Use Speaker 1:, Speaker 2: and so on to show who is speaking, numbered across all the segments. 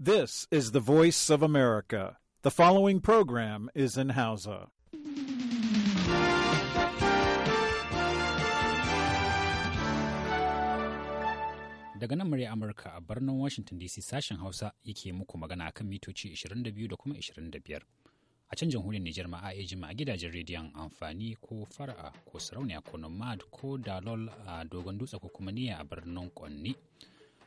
Speaker 1: This is the voice of America. The following program is in Hausa. Daga nan murya Amurka a birnin Washington DC sashen Hausa yake muku magana akan mitoci 22 da kuma 25. A can jamhuriyar Nijar ma a ejima a gidajen rediyon amfani ko fara'a ko sarauniya ko nomad ko dalol a dogon dutse ko kuma niyya a birnin Kwanni.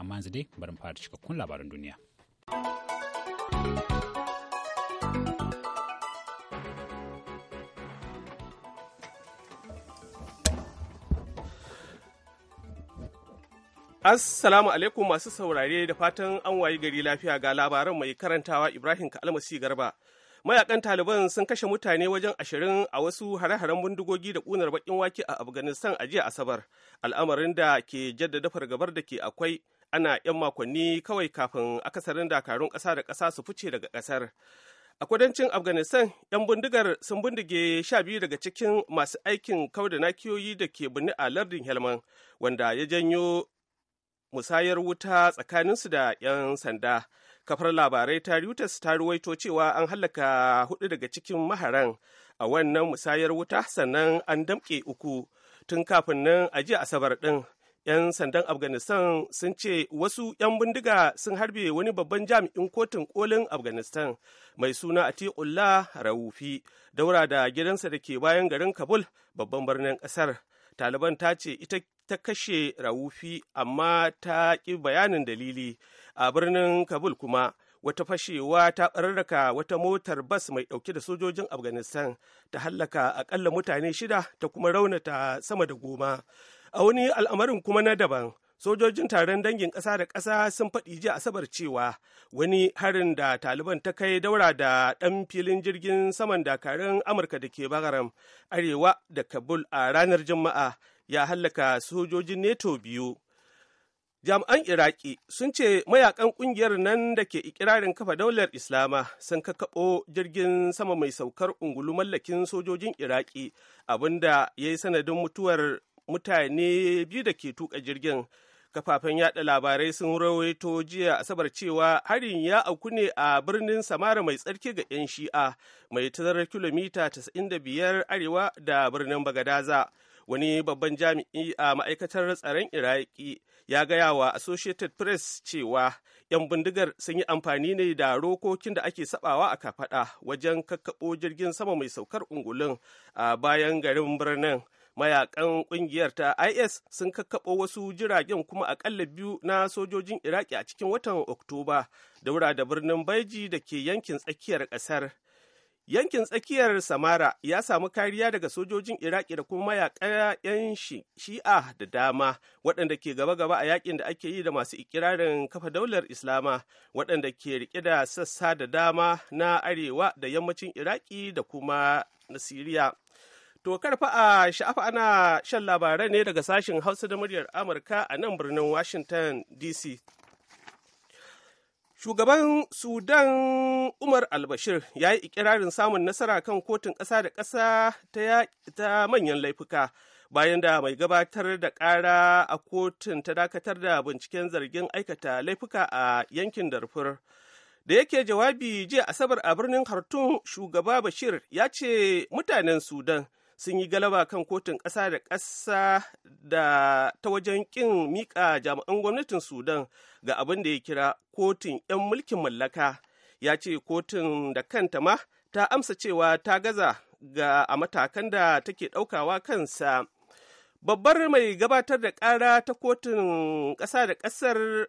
Speaker 1: amma yanzu dai bari fara cikakkun labaran duniya.
Speaker 2: Assalamu alaikum masu saurare da fatan an wayi gari lafiya ga labaran mai karantawa Ibrahim Kalmasi Garba. Mayakan Taliban sun kashe mutane wajen ashirin a wasu hare-haren bindigogi da ƙunar baƙin wake a Afghanistan a jiya Asabar, al'amarin da ke jaddada fargabar da ke akwai ana 'yan makonni kawai kafin akasarin dakarun ƙasa da ƙasa su fice daga ƙasar a kudancin afghanistan 'yan bindigar sun bindige sha biyu daga cikin masu aikin da nakiyoyi da ke binne a lardin helman wanda ya janyo musayar wuta tsakaninsu da 'yan sanda kafar labarai ta reuters ta ruwaito cewa an hallaka hudu daga cikin maharan a wannan musayar wuta sannan an damƙe uku tun kafin nan a asabar ɗin 'yan sandan afghanistan sun ce wasu 'yan bindiga sun harbe wani babban jami'in kotun kolin afghanistan mai suna atiullah raufi daura da gidansa da ke bayan garin kabul babban birnin kasar taliban ta ce ita ta kashe raufi amma ta ƙi bayanin dalili a birnin kabul kuma wata fashewa ta ɓararraka wata motar bas mai ɗauke da sojojin afghanistan ta hallaka aƙalla mutane shida ta kuma raunata sama da goma A wani al'amarin kuma na daban, sojojin taron dangin ƙasa da ƙasa sun faɗi jiya asabar cewa wani harin da taliban ta kai daura da ɗan filin jirgin saman dakarun amurka da ke bagaram arewa da kabul a ranar juma'a ya hallaka sojojin neto biyu jami'an iraki sun ce mayakan ƙungiyar nan da ke ikirarin kafa daular islama sun kakaɓo jirgin sama mai saukar ungulu mallakin sojojin iraki abinda ya yi sanadin mutuwar mutane biyu da ke tuka jirgin kafafen yaɗa labarai sun rawaito jiya asabar cewa harin ya auku ne a birnin samara mai tsarki ga 'yan shi'a mai tazarar kilomita 95 arewa da birnin bagadaza wani babban jami'i a ma'aikatar tsaron iraki ya gaya wa associated press cewa 'yan bindigar sun yi amfani ne da rokokin da ake sabawa a kafada wajen kakkaɓo jirgin sama mai saukar ungulun a bayan garin birnin mayakan kungiyar ta is sun kakkaɓo wasu jiragen kuma akalla biyu na sojojin iraki a cikin watan oktoba daura da birnin baiji da ke yankin tsakiyar ƙasar yankin tsakiyar samara ya samu kariya daga sojojin iraki da kuma mayakan yan shi'a da dama waɗanda ke gaba-gaba a yakin da ake yi da masu ikirarin kafa daular islama waɗanda ke riƙe da sassa da dama na arewa da yammacin iraki da kuma na siriya To karfa a sha'afa ana shan labarai ne daga sashen Hausa da muryar Amurka a nan birnin Washington DC. Shugaban Sudan Umar Albashir ya yi ikirarin samun nasara kan kotun ƙasa da ƙasa ta, manyan laifuka bayan da mai gabatar da ƙara a kotun ta dakatar da binciken zargin aikata laifuka a yankin Darfur. da yake jawabi jiya asabar a birnin Hartun shugaba Bashir ya ce mutanen Sudan sun yi galaba kan kotun ƙasa da ƙasa da ta wajen ƙin miƙa jami'an gwamnatin sudan ga abin da ya kira kotun 'yan mulkin mallaka ya ce kotun da kanta ma ta amsa cewa ta gaza ga a matakan da take ɗaukawa kansa babbar mai gabatar da ƙara ta kotun ƙasa da ƙasar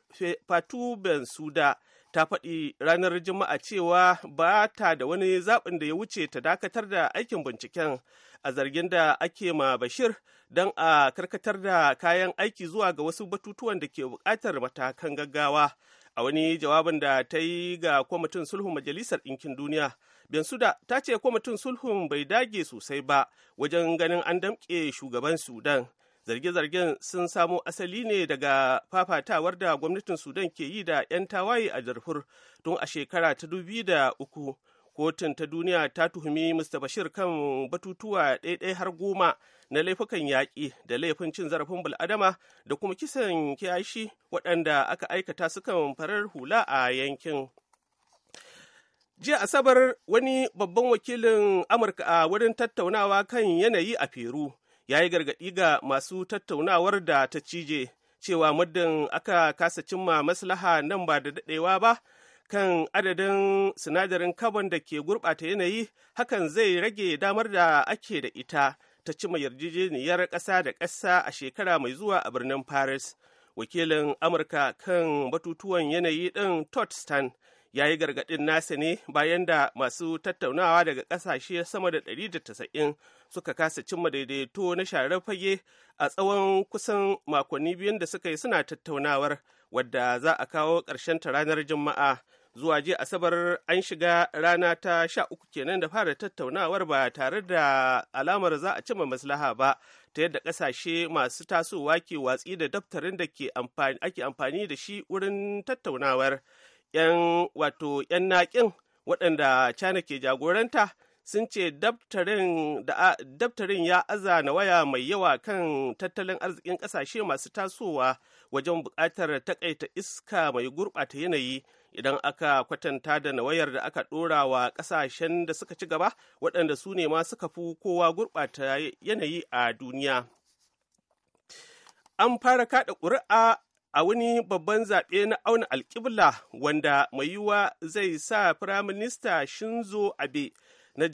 Speaker 2: fatu suda ta faɗi ranar juma'a cewa ba ta da wani zaɓin da ya wuce ta dakatar da aikin binciken a zargin da ake ma Bashir don a karkatar da kayan aiki zuwa ga wasu batutuwan da ke bukatar matakan gaggawa. A wani jawabin da ta yi ga kwamitin sulhun Majalisar Ɗinkin Duniya, Bensuda ta ce kwamitin sulhun bai dage sosai ba wajen ganin an damƙe shugaban Sudan. zarge-zargen sun samo asali ne daga fafatawar da gwamnatin sudan ke yi da 'yan tawaye a darfur tun a shekara ta dubi da uku kotun ta duniya ta tuhumi mr bashir kan batutuwa ɗaiɗai har goma na laifukan yaƙi da laifin cin zarafin bul'adama da kuma kisan kiyashi waɗanda aka aikata su kan farar hula a yankin jiya asabar wani babban wakilin amurka a wurin tattaunawa kan yanayi a peru ya yi gargaɗi ga masu tattaunawar da ta cije cewa muddin aka kasa cimma maslaha nan ba da daɗewa ba kan adadin sinadarin carbon da ke gurɓata yanayi hakan zai rage damar da ake da ita ta cima yarjejeniyar ƙasa da ƙasa a shekara mai zuwa a birnin paris wakilin amurka kan batutuwan yanayi ɗin totstan ya yi gargaɗin nasa ne bayan da masu tattaunawa daga ƙasashe sama da 190 suka kasa cimma daidaito na sharar fage a tsawon kusan makonni biyun da suka yi suna tattaunawar wadda za a kawo ƙarshen ta ranar juma'a zuwa jiya asabar an shiga rana ta sha uku kenan da fara tattaunawar ba tare da alamar za a cima maslaha ba ta yadda ƙasashe masu tasowa ke watsi da daftarin da ake amfani da shi wurin tattaunawar 'yan wato 'yan naƙin waɗanda china ke jagoranta sun ce daftarin ya aza na waya mai yawa kan tattalin arzikin ƙasashe masu tasowa wajen buƙatar taƙaita iska mai gurɓata yanayi idan aka kwatanta da nawayar da aka ɗora wa ƙasashen da suka ci gaba waɗanda su ne ma suka fi kowa gurɓata yanayi a duniya an fara kaɗa ƙuri'a a wani babban zaɓe na auna alƙibla wanda mai yiwuwa zai sa firaminista shinzo abe na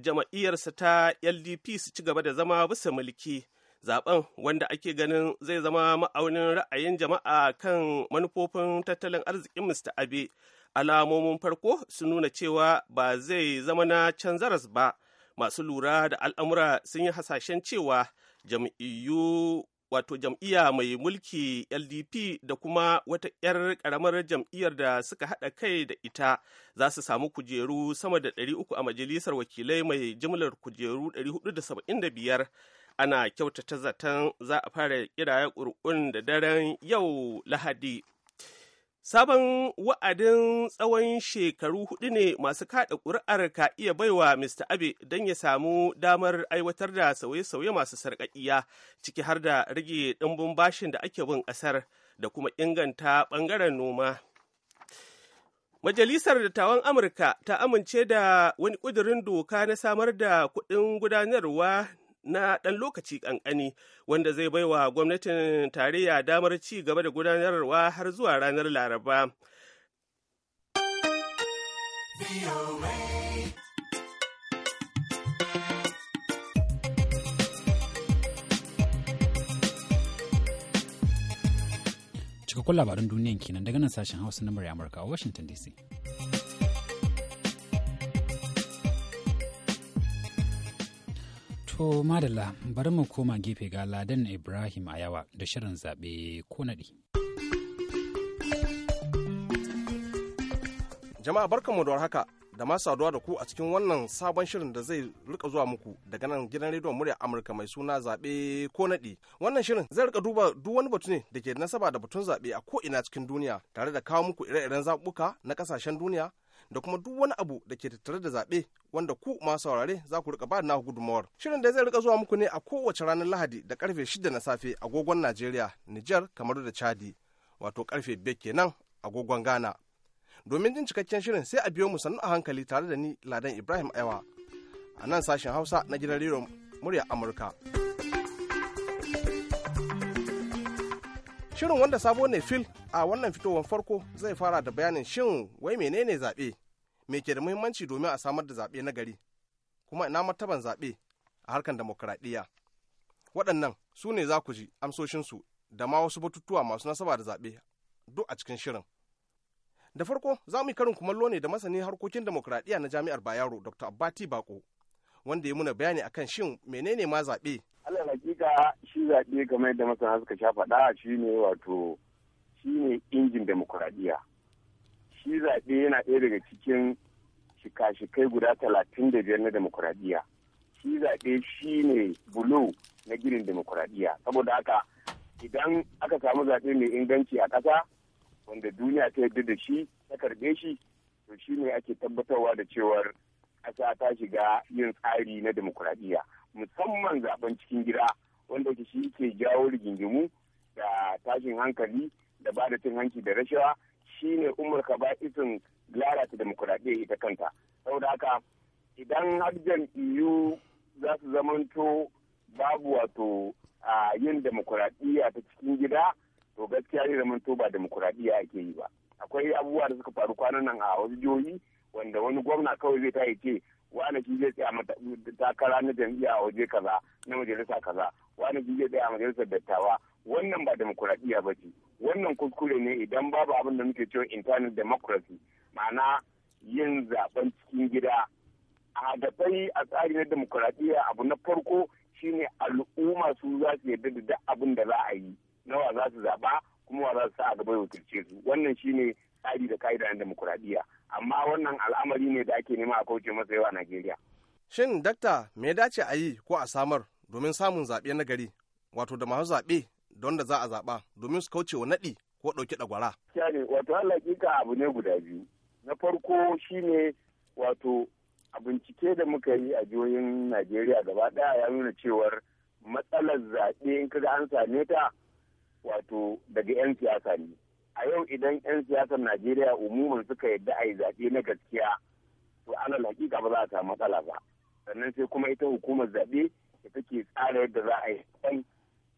Speaker 2: jama'iyyarsa ta ldp su ci gaba da zama bisa mulki zaben wanda ake ganin zai zama ma'aunin ra'ayin jama'a kan manufofin tattalin arzikin mr abe alamomin farko sun nuna cewa ba zai zama na can zaras ba masu lura da al'amura sun yi hasashen cewa jam'iyyu wato jam'iyya mai mulki ldp da kuma wata 'yar karamar jam'iyyar da suka haɗa kai da ita za su samu kujeru sama da 300 a majalisar wakilai mai jimlar kujeru 475 ana kyautata zaton za a fara kiraya ƙuri'un da daren yau lahadi sabon wa'adin tsawon shekaru hudu ne masu kada ƙuri'ar ka iya baiwa mr abe don ya samu damar aiwatar da sauye-sauye masu sarƙaƙiya ciki har da rage ɗumbin bashin da ake bin ƙasar da kuma inganta ɓangaren noma majalisar dattawan amurka ta amince da wani ƙudurin doka na samar da kuɗin gudanarwa na ɗan lokaci ƙanƙani wanda zai baiwa gwamnatin tarayya damar ci gaba da gudanarwa har zuwa ranar laraba.
Speaker 1: Cikakkun labaran duniyan kenan daga nan sashen Hausa na Amurka a Washington DC. To madalla bari mu koma gefe ga Ladan Ibrahim a yawa da shirin zabe ko naɗi. Jama'a barkanmu da haka
Speaker 3: da ma saduwa da ku a cikin wannan sabon shirin da zai rika zuwa muku daga nan gidan rediyon murya Amurka mai suna zaɓe ko naɗi. Wannan shirin zai rika duba duk wani batu ne da ke nasaba da batun zaɓe a ko ina cikin duniya tare da kawo muku ire-iren zaɓuka na ƙasashen duniya da kuma duk wani abu da ke tattare da zaɓe wanda ku masu saurare za ku rika ba na gudunmawar. Shirin da zai rika zuwa muku ne a kowace ranar Lahadi da karfe 6 na safe agogon Najeriya, Nijar, kamar da Chadi, wato karfe 5 kenan agogon Ghana. Domin jin cikakken shirin sai a biyo mu sannu a hankali tare da ni Ladan Ibrahim Aiwa. A nan sashen Hausa na gidan rero murya Amurka. Shirin wanda sabo ne fil a wannan fitowar farko zai fara da bayanin shin wai menene zaɓe? me ke da muhimmanci domin a samar da zaɓe na gari kuma ina martaban zaɓe a harkar demokuraɗiyya waɗannan su ne za ku ji amsoshinsu da ma wasu batutuwa masu nasaba da zaɓe duk a cikin shirin da farko za mu yi karin kumallo ne da masani harkokin demokuraɗiyya na jami'ar bayaro dr abbati bako wanda ya muna bayani akan shin menene ma
Speaker 4: zaɓe alal hakika shi zaɓe game da masana suka sha faɗa shi ne wato shi ne injin demokuraɗiyya shi zaɓe yana ɗaya daga cikin shika-shikai guda talatin da biyar na demokuraɗiyya shi zaɓe shi ne bulo na girin demokuraɗiyya saboda haka idan aka samu zaɓe mai inganci a ƙasa wanda duniya ta yarda da shi ta karɓe shi to shi ne ake tabbatarwa da cewar ƙasa ta shiga yin tsari na demokuraɗiyya musamman zaɓen cikin gida wanda shi ke jawo rigingimu da tashin hankali da ba da cin hanci da rashawa ne umurka ba isin lalata demokuraɗiyya ita kanta saboda haka idan har jam'iyyu za su zamanto babu wato yin demokuraɗiyya ta cikin gida to gaskiya ne zamanto ba demokuraɗiyya ake yi ba akwai abubuwa da suka faru kwanan nan a wasu jihohi wanda wani gwamna kawai zai ta yi ce wani shi zai tsaya takara na jam'iyya a waje kaza na majalisa kaza wani shi zai tsaya majalisar dattawa wannan ba demokuraɗiyya ba ce wannan kuskure ne idan babu abin da muke cewa internal democracy ma'ana yin zaben cikin gida a tsayi a tsari na demokuraɗiyya abu na farko shine al'umma su za su yarda da duk abin da za a yi nawa za su zaba kuma wa za su sa a gaba ya wakilce su wannan shine tsari da ka'ida na demokuraɗiyya amma wannan al'amari ne da ake nema a kauce masa yawa Najeriya.
Speaker 3: Shin dakta me ya dace a yi ko a samar domin samun zaɓe na gari wato da masu zaɓe don da za a zaɓa domin su kauce wa naɗi ko ɗauki ɗagwara.
Speaker 4: Kyale wato halakika abu ne guda biyu. Na farko shine wato a bincike da muka yi a jihohin Najeriya gaba ɗaya ya nuna cewar matsalar zaɓe in kaga an same ta wato daga 'yan siyasa ne. A yau idan 'yan siyasar Najeriya umuman suka yadda a yi zaɓe na gaskiya to alal hakika ba za a samu matsala ba. Sannan sai kuma ita hukumar zaɓe da take tsara yadda za a yi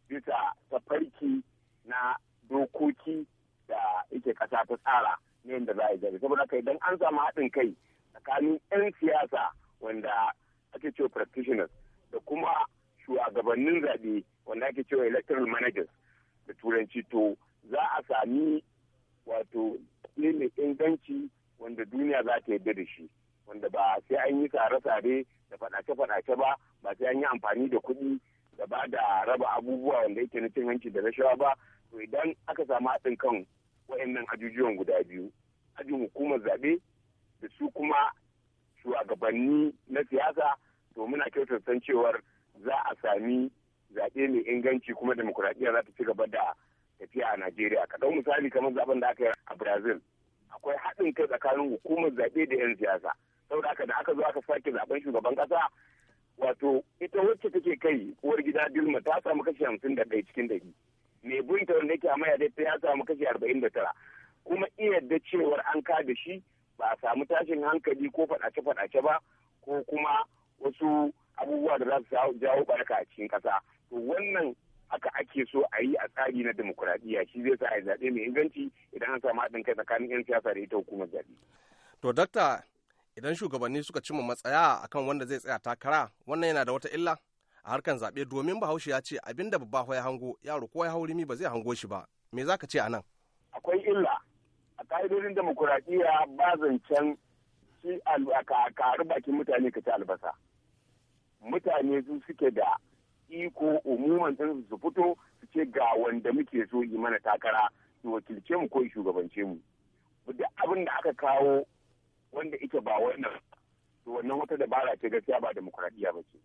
Speaker 4: bisa tafarki na dokoki da ike kasa ta tsara ne yadda za a yi jabe saboda kai idan an samu haɗin kai tsakanin 'yan siyasa wanda ake cewa practitioners da kuma shugabannin zaɓe wanda ake cewa electoral managers da turanci to za a sami wato ne mai inganci wanda duniya za ta yarda da shi wanda ba sai an yi tsare-tsare da faɗace-faɗace ba ba sai an yi amfani da kuɗi ba da raba abubuwa wanda yake na cin hanci da rashawa ba to idan aka samu haɗin kan waɗannan ajujuwan guda biyu ajin hukumar zaɓe da su kuma shugabanni na siyasa to muna kyautar san cewar za a sami zaɓe mai inganci kuma demokuraɗiyya za ta ci gaba da tafiya a Najeriya. Kaɗan misali kamar zaben da aka yi a Brazil akwai haɗin kai tsakanin hukumar zaɓe da 'yan siyasa. Saboda haka da aka zo aka sake zaben shugaban ƙasa wato ita wacce take kai uwar gida dilma ta samu kashi hamsin da ɗaya cikin ɗari mai bunta wanda yake amaya yadda ya samu kashi arba'in da tara kuma iya da cewar an ka da shi ba a samu tashin hankali ko faɗace-faɗace ba ko kuma wasu abubuwa da za su jawo barka a cikin ƙasa to wannan aka ake so a yi a tsari na demokuraɗiyya shi zai sa a zaɓe mai inganci idan an samu haɗin kai tsakanin 'yan siyasa da ita hukumar zaɓe.
Speaker 3: to dakta idan shugabanni suka cimma matsaya akan wanda zai tsaya takara wannan yana da wata illa a harkan zaɓe domin bahaushe ya ce abin da babba ya hango yaro ko ya mi ba zai hango shi ba me za ka ce a nan
Speaker 4: akwai illa a ka'idodin demokuraɗiyya ba zancen shi karu bakin mutane ka ci albasa mutane su suke da iko umuman ɗin su fito su ce ga wanda muke so yi mana takara su wakilce mu ko shugabance mu duk abin da aka kawo wanda ita ba wannan wannan wata dabara ce gaskiya ba demokuraɗiyya ba ce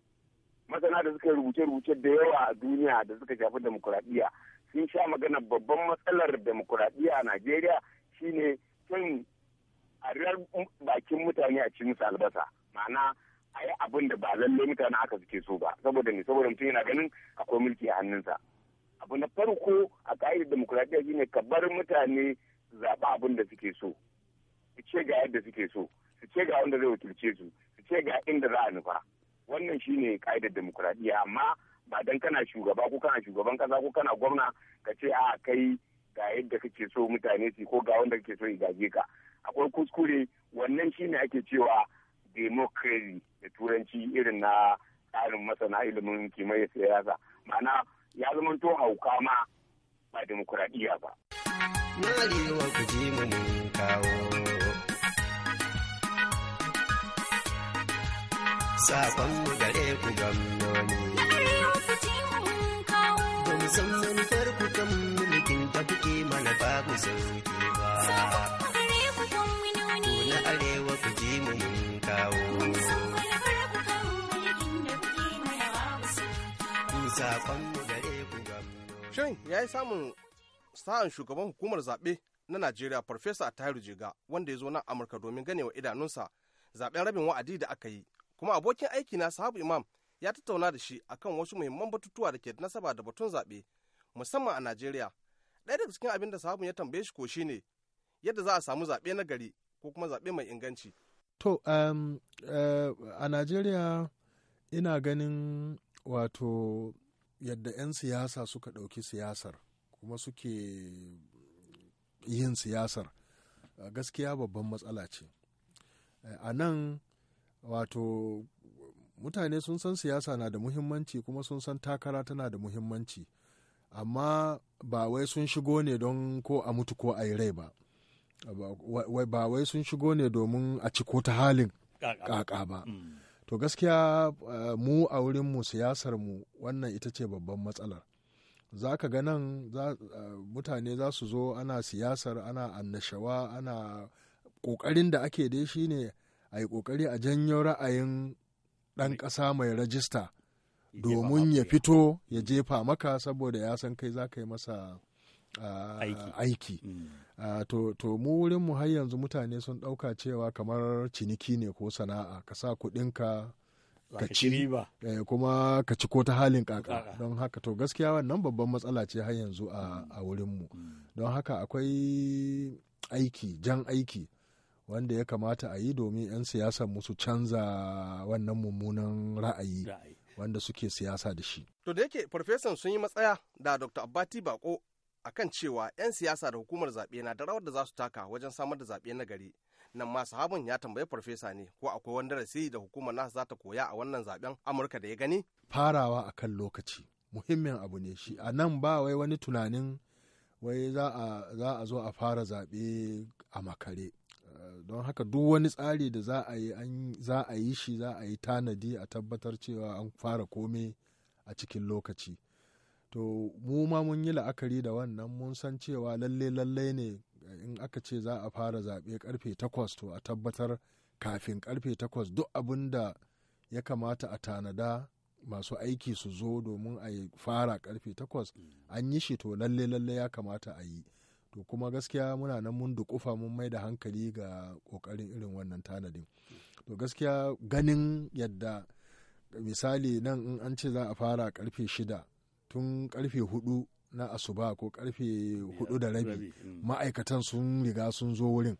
Speaker 4: masana da suka rubuce-rubuce da yawa a duniya da suka shafi demokuraɗiyya sun sha magana babban matsalar demokuraɗiyya a najeriya shine son a bakin mutane a cikin su albasa ma'ana a yi abin da ba lallai mutane aka suke so ba saboda ne saboda mutum yana ganin akwai mulki a hannunsa abu na farko a ka'idar demokuraɗiyya shine ka bar mutane zaɓa abin da suke so su ce ga yadda suke so su ce ga wanda zai wakilce su su ce ga inda za a nufa wannan shine ka'idar demokuraɗiyya amma ba dan kana shugaba ko kana shugaban kasa ko kana gwamna ka ce a kai ga yadda kake so mutane su ko ga wanda kake so ya gaje ka akwai kuskure wannan shine ake cewa democracy da turanci irin na tsarin masana ilimin kimiyyar siyasa ma'ana ya zama to hauka ma ba demokuraɗiyya ba.
Speaker 5: Na ku ji mu kawo
Speaker 2: sakon mu gare ku gwamnoni.
Speaker 5: Ba
Speaker 2: mu san manufar ku kan mulkin da kuke mana ba ku sauki ba. Ku na arewa ku ji mu mun
Speaker 3: kawo. Ku sakon mu gare ku gwamnoni. Shin ya yi samun sa'an shugaban hukumar zaɓe na Najeriya Farfesa Tahiru Jiga, wanda ya zo nan Amurka domin ganewa idanunsa zaɓen rabin wa'adi da aka yi kuma abokin aiki na sahabu imam ya tattauna da shi akan wasu muhimman batutuwa da ke nasaba da batun zaɓe musamman a najeriya ɗaya daga cikin abin da sahabu ya tambaye shi ko ne yadda za a samu zaɓe na gari ko kuma zaɓe mai inganci
Speaker 6: to um, eh, a najeriya ina ganin wato yadda 'yan siyasa suka ɗauki siyasar kuma suke yin siyasar gaskiya babban matsala ce eh, a nan wato mutane sun san siyasa na da muhimmanci kuma sun san takara tana da muhimmanci amma ba wai sun shigo ne don ko a mutu ko a yi rai ba ba wai sun shigo ne domin a ciko ta halin kaka ba mm. to gaskiya eh, mu a wurinmu siyasar mu wannan ita ce babban matsalar za ka ga nan eh, mutane za su zo ana siyasar ana annashawa ana kokarin da ake dai shine a yi ƙoƙari a janyo ra'ayin ɗan ƙasa mai rajista domin ya fito ya jefa maka saboda ya san kai za ka yi masa aiki, aiki. Mm. to, mu wurin mu har yanzu mutane sun ɗauka cewa kamar ciniki ne ko sana'a ka sa kuɗinka ka ci eh, kuma ka ci ko ta halin kaka don haka to gaskiya wannan babban matsala ce har yanzu a, mm. wurin mu. Mm. don haka akwai aiki jan aiki wanda ya kamata a yi domin 'yan siyasar musu canza wannan mummunan ra'ayi wanda suke siyasa da shi.
Speaker 3: To da yake farfesan sun yi matsaya da Dr. Abbati Bako kan cewa 'yan siyasa da hukumar zaɓe na da rawar da za su taka wajen samar da zaɓe na gari. Nan ma sahabin ya tambayi farfesa ne ko akwai wani darasi da hukumar nasa za ta koya a wannan zaɓen Amurka da ya gani?
Speaker 6: Farawa a kan lokaci muhimmin abu ne shi a nan ba wai wani tunanin wai za a zo a fara zaɓe a makare. don haka duk wani tsari da za a yi za a yi shi za a yi tanadi a tabbatar cewa an fara kome a cikin lokaci to mu ma mun yi la'akari da wannan mun san cewa lalle lalle ne in aka ce za a fara zaɓe karfe takwas to a tabbatar kafin karfe takwas duk abin da ya kamata a tanada masu aiki su zo domin a fara karfe takwas an yi shi to lalle lalle ya kamata a yi to kuma gaskiya muna nan mun dukufa mun mai da hankali ga kokarin irin wannan tanadin to gaskiya ganin yadda misali nan in an ce za a fara karfe shida tun karfe hudu na asuba ko karfe hudu da rabi mm. ma'aikatan sun riga sun zo wurin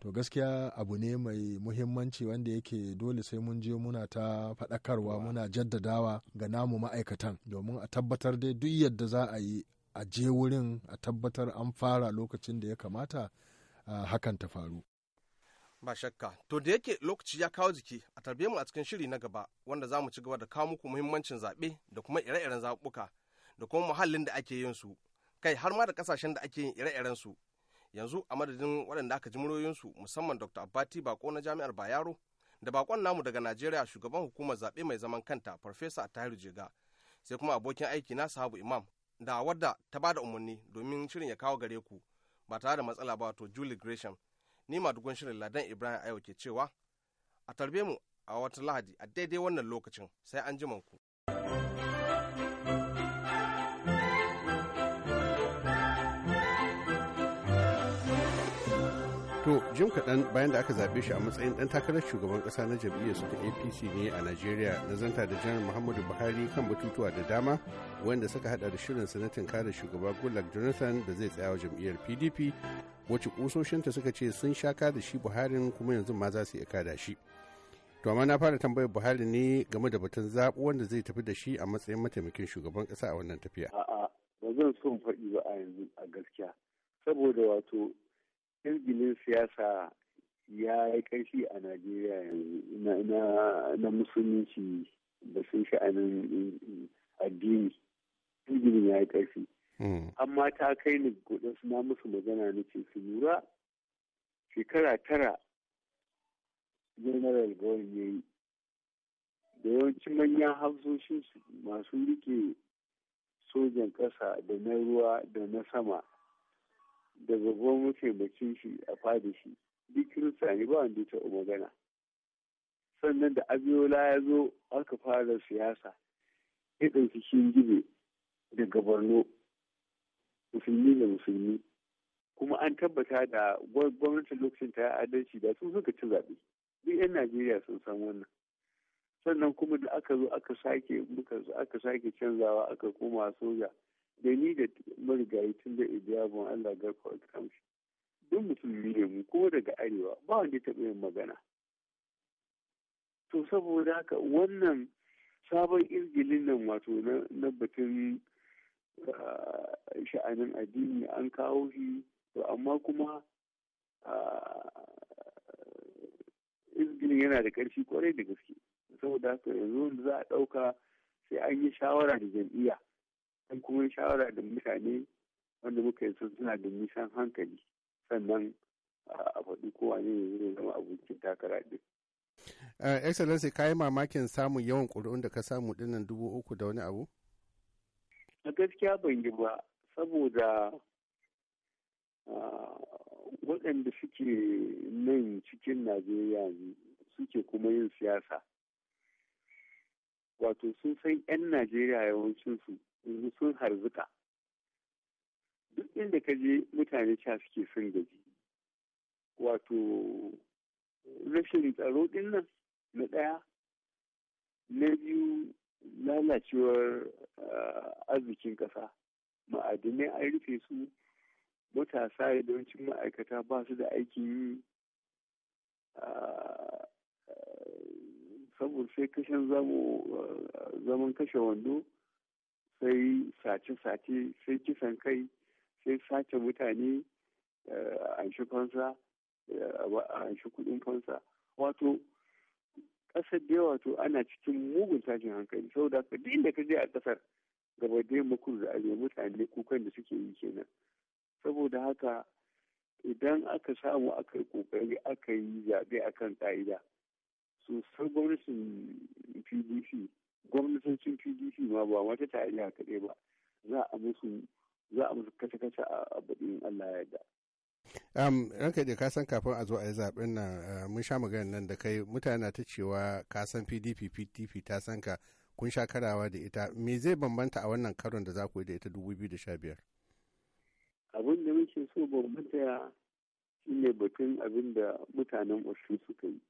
Speaker 6: to gaskiya abu ne mai muhimmanci wanda yake dole sai mun je muna ta faɗakarwa muna jaddadawa ga namu ma'aikatan domin a tabbatar dai duk yadda za a yi a je wurin a tabbatar an fara lokacin da ya kamata hakan ta faru
Speaker 3: ba shakka to da yake lokaci ya kawo jiki a tarbe mu a cikin shiri na gaba wanda za mu ci gaba da kawo muku muhimmancin zaɓe da kuma ire-iren zaɓuka da kuma muhallin da ake yin su kai har ma da ƙasashen da ake yin ire-iren su yanzu a madadin waɗanda aka ji su musamman dr abbati bako na jami'ar bayero da bakon namu daga najeriya shugaban hukumar zaɓe mai zaman kanta farfesa tahiru jega sai kuma abokin aiki na sahabu imam da wadda ta bada umarni domin shirin ya kawo gare ku ba tare da matsala ba to Julie Gresham ni ma madugun shirin Ladan Ibrahim Ayo ke cewa a tarbe mu a wata Lahadi a daidai wannan lokacin sai an ku.
Speaker 5: to jim kaɗan bayan da aka zaɓe shi a matsayin ɗan takarar shugaban ƙasa na jam'iyyar su apc ne a najeriya na zanta da janar muhammadu buhari kan batutuwa da dama wanda suka hada da shirin sanatin kare shugaba goodluck jonathan da zai tsaya wa jam'iyyar pdp wacce kusoshinta suka ce sun sha da shi buhari kuma yanzu ma za su iya kada shi to amma na fara tambayar buhari ne game da batun zaɓu wanda zai tafi da shi a matsayin mataimakin shugaban ƙasa a wannan tafiya
Speaker 4: a'a ba zan son faɗi ba a yanzu a gaskiya saboda wato irginin siyasa ya yi ƙarfi a najeriya na musulunci da sun sha'anin addini irginin ya yi ƙarfi hmm. amma ta kai ni su na musu magana na ce su lura shekara tara general gowon ya yi da yawancin manyan hafsoshin masu rike sojan ƙasa da na ruwa da na sama daga gwamnati mataimakin shi a fadi shi duk kirista ne ba wanda ta magana sannan da abiola ya zo aka fara siyasa ya ɗauki shingibe daga borno musulmi da musulmi kuma an tabbata da gwamnatin lokacin ta adalci da su suka ci zaɓe duk 'yan najeriya sun san wannan sannan kuma da aka zo aka sake aka sake canzawa aka koma soja da ni da marigayi tun da ijabun Allah garko a kamshi duk musulmi ne mu ko daga arewa ba wanda ya taɓa magana to saboda haka wannan sabon irgilin nan wato na batun ah, sha'anin addini an kawo shi to amma kuma ah, izgilin yana da ƙarfi kwarai da gaske saboda haka yanzu za a ɗauka sai an yi shawara da jam'iyya sai kuma shawara da mutane wanda muka yi suna da nisan hankali sannan a faɗi kowa ne zai zama abokin takara ɗin.
Speaker 5: Eh, excellency ka yi mamakin samun yawan ƙuri'un da ka samu dinnan dubu uku da wani abu?
Speaker 4: a gaskiya ban yi ba saboda waɗanda suke nan cikin najeriya suke kuma yin siyasa wato sun san 'yan najeriya yawancinsu yanzu sun harzuka duk inda ka je mutane ca suke sun gaji wato rashin tsaro din nan na ɗaya na biyu lalacewar ah, arzikin ƙasa ma'adinai an rufe su matasa yawancin ma'aikata ba su da aikin yi ah, saboda sai kashen ah, zaman kashe wando sai sace-sace sai kisan kai sai sace mutane eh, a shi fansa eh, a shi kudin fansa wato kasar da wato ana cikin mugun tashin hankali saboda ka duk ka je a kasar gaba da yamma da mutane kukan da suke yi kenan saboda haka idan aka samu aka yi kokari aka yi zaɓe akan ƙa'ida sosai gwamnatin pdp gwamnatocin pdp ma ba wata tarayya kaɗai ba za a musu za a musu kace-kace a baɗin allah ya yarda
Speaker 5: um, ranka ka kasan kafin a zo a yi zaɓen nan eh, mun sha magana nan da kai mutane ta cewa ka san pdp pdp ta san ka kun sha karawa da ita me zai bambanta a wannan karon da za ku yi da ita 2015
Speaker 4: abin da muke so bambanta shi ne batun abin da mutanen oshu suka yi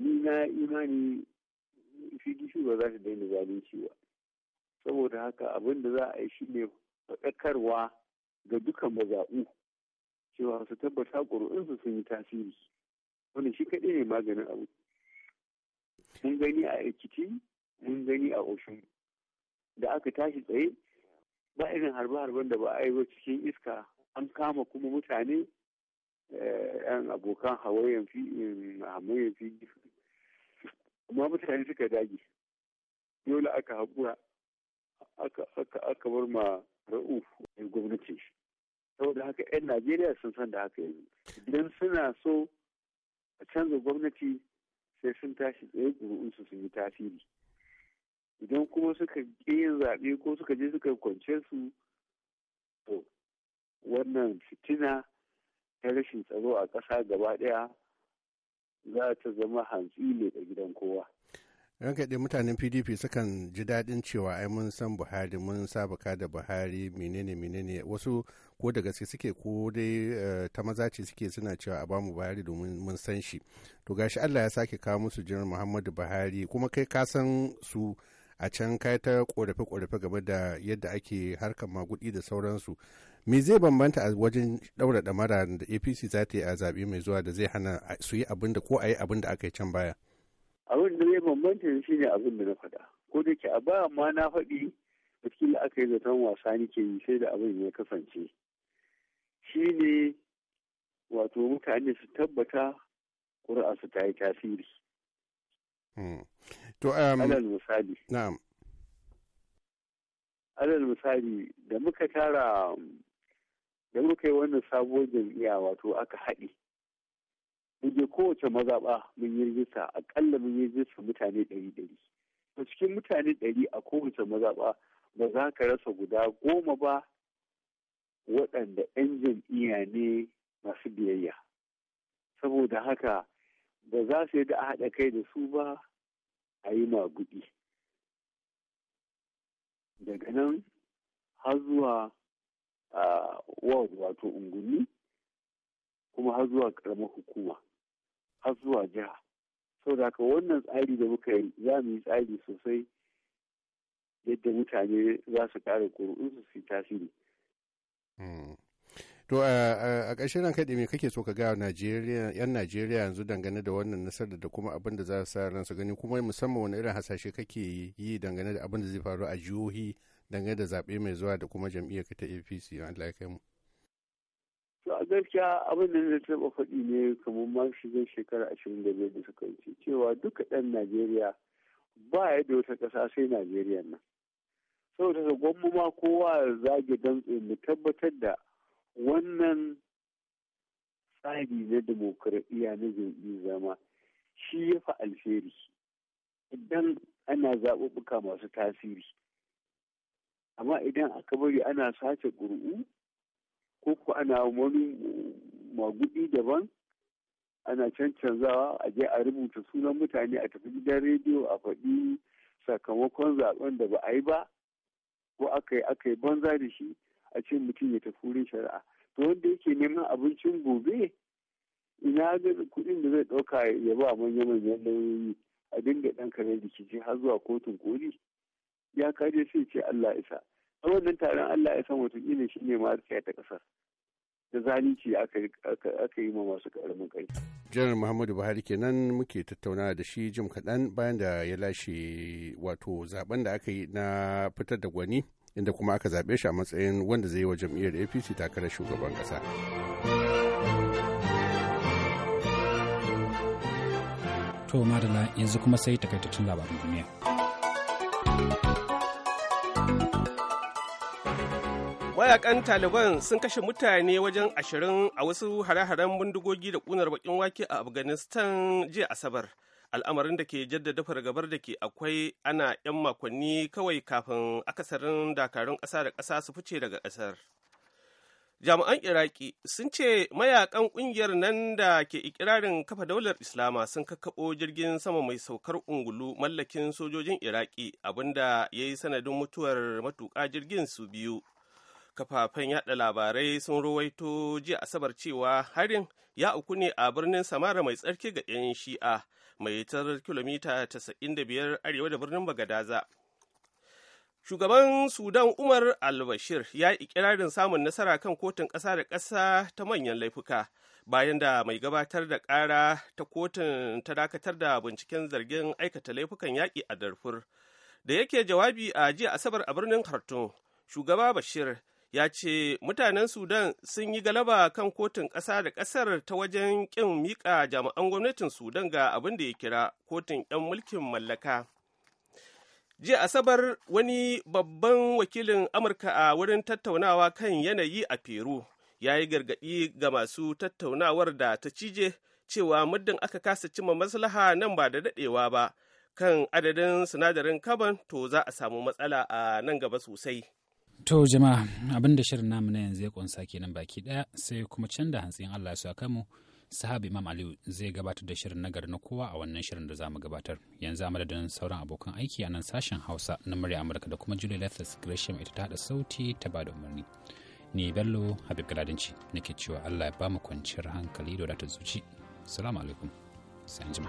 Speaker 4: ni na imani shi gishi ba za ta daina zalunci ba saboda haka abin da za a yi shi ne faɗakarwa ga dukan mazaɓu cewa su tabbata ƙuri'unsu sun yi tasiri wani shi kaɗai ne maganin abu mun gani a ekiti mun gani a oshun da aka tashi tsaye ba irin harbe-harben da ba a yi ba cikin iska an kama kuma mutane eh, yan abokan hawayen fi eh, hamayen fi amma mutane suka dage dole aka haƙura aka bar ma ra'uf gwamnatin shi saboda haka 'yan najeriya sun san da haka yanzu idan suna so a canza gwamnati sai sun tashi tsaye ƙuri'unsu sun yi tasiri idan kuma suka ƙi yin zaɓe ko suka je suka kwance su to wannan fitina ta rashin tsaro a ƙasa gaba ɗaya za ta zama hantsi ne a gidan kowa.
Speaker 5: ranka ɗin mutanen pdp sukan ji daɗin cewa ai mun san buhari mun sabaka da buhari menene menene wasu ko da gaske suke ko dai eh, ta maza ce suke suna cewa a bamu buhari domin mun san shi to gashi allah ya sake kawo musu jiran muhammadu buhari kuma kai ka san su a can kai ta korafe korafe game da yadda ake harkar magudi da sauransu me zai bambanta a wajen daura damara da apc za ta yi a zaɓe mai zuwa da zai hana su yi abin da ko a yi abin da aka yi can baya
Speaker 4: abin da zai bambanta shi ne abin da na faɗa ko da ke a ba ma na faɗi wakila aka yi zaton wasa nike yi sai da abin ya kasance shi ne wato mutane su tabbata ƙuri'a su ta yi tasiri
Speaker 5: hmm. um, alal misali na'am
Speaker 4: alal misali da muka tara um, da muka yi wannan sabuwar jam'iyya wato aka haɗe mun je kowace mazaɓa mun yi rijista aƙalla mun yi rijista mutane ɗari ɗari to cikin mutane ɗari a kowace mazaɓa ba za ka rasa guda goma ba waɗanda ƴan jam'iyya ne masu biyayya saboda haka ba za su yi da haɗa kai da su ba a yi maguɗi daga nan har zuwa A ward wato unguwanni kuma har zuwa karamar hukuma har zuwa jiha saboda haka wannan tsari da muka yi za mu yi tsari sosai yadda mutane za su kare kuru'un su su tasiri.
Speaker 5: Hmm. To a ƙarshen nan kaɗe me kake so ka ga Najeriya yan Najeriya yanzu dangane da wannan nasarar da kuma abin da za su sa ransu gani kuma musamman wani irin hasashe kake yi dangane da abin da zai faru a jihohi dangane da zaɓe mai zuwa da kuma jam'iyyar ka ta apc in allah ya kai mu
Speaker 4: to a gaskiya abin da zai taɓa faɗi ne kamar ma shigar shekara ashirin da biyar da suka wuce cewa duka ɗan najeriya ba ya da wata ƙasa sai najeriya nan saboda ta gwamma ma kowa zage dantse mu tabbatar da wannan tsari na demokuraɗiyya na jirgin zama shi ya fa alheri idan ana zaɓuɓɓuka masu tasiri amma idan aka bari ana sace ƙuri'u ko ko ana wani magudi daban ana cancanzawa a je a rubuta sunan mutane a tafi gidan rediyo a faɗi sakamakon zaben da ba a yi ba ko aka yi aka yi banza da shi a ce mutum ya tafi wurin shari'a to wanda yake neman abincin gobe ina ga kuɗin da zai ɗauka ya ba manya-manyan lauyoyi a dinga ɗan kare rikici har zuwa kotun koli ya kaje sai ce Allah isa a wannan taron Allah ya san ne shi ne marciya ta kasar da zalunci aka yi ma masu ƙaramin kai.
Speaker 5: janar muhammadu buhari kenan muke tattauna da shi jim kaɗan bayan da ya lashe wato zaben da aka yi na fitar da gwani inda kuma aka zaɓe shi a matsayin wanda zai yi wa jam'iyyar apc takarar shugaban ƙasa.
Speaker 1: to madala yanzu kuma sai takaitattun labarin duniya.
Speaker 2: mayakan taliban sun kashe mutane wajen ashirin a wasu hare-haren bindigogi da kunar bakin wake a afghanistan jiya asabar al'amarin da ke jaddada fargabar da ke akwai ana 'yan makonni kawai kafin akasarin dakarun ƙasa da ƙasa su fice daga ƙasar jami'an iraki sun ce mayakan ƙungiyar nan da ke ikirarin kafa daular islama sun kakkaɓo jirgin sama mai saukar ungulu mallakin sojojin iraki abinda ya yi sanadin mutuwar matuka jirgin su biyu kafafen yaɗa labarai sun ruwaito jiya asabar cewa harin ya uku ne a birnin samara mai tsarki ga 'yan shi'a mai tarar kilomita 95 arewa da birnin bagadaza shugaban sudan umar albashir ya yi ikirarin samun nasara kan kotun ƙasa da ƙasa ta manyan laifuka bayan da mai gabatar da ƙara ta kotun ta dakatar da binciken zargin aikata laifukan yaƙi a darfur da yake jawabi a jiya asabar a birnin khartoum shugaba bashir ya ce mutanen sudan sun yi galaba kan kotun ƙasa da ƙasar ta wajen ƙin miƙa jami'an gwamnatin sudan ga abin da ya kira kotun 'yan mulkin mallaka jiya asabar wani babban wakilin amurka a wurin tattaunawa kan yanayi a peru ya yi gargaɗi ga masu tattaunawar da ta cije cewa muddin aka kasa cimma maslaha nan ba da daɗewa ba kan adadin sinadarin carbon to za a samu matsala a nan
Speaker 1: gaba sosai To jama'a abin da shirin namu na yanzu ya kunsa kenan baki daya sai kuma can da hantsin Allah su aka mu sahabi Imam Aliyu zai gabatar da shirin nagari na kowa a wannan shirin da zamu gabatar yanzu a madadin sauran abokan aiki a nan sashen Hausa na murya Amurka da kuma Julie Lethas Gresham ita ta hada sauti ta ba da umarni. Ni Bello Habib Galadinci nake cewa Allah ya ba mu kwanciyar hankali da wadatar zuci. Assalamu alaikum. Sai anjima.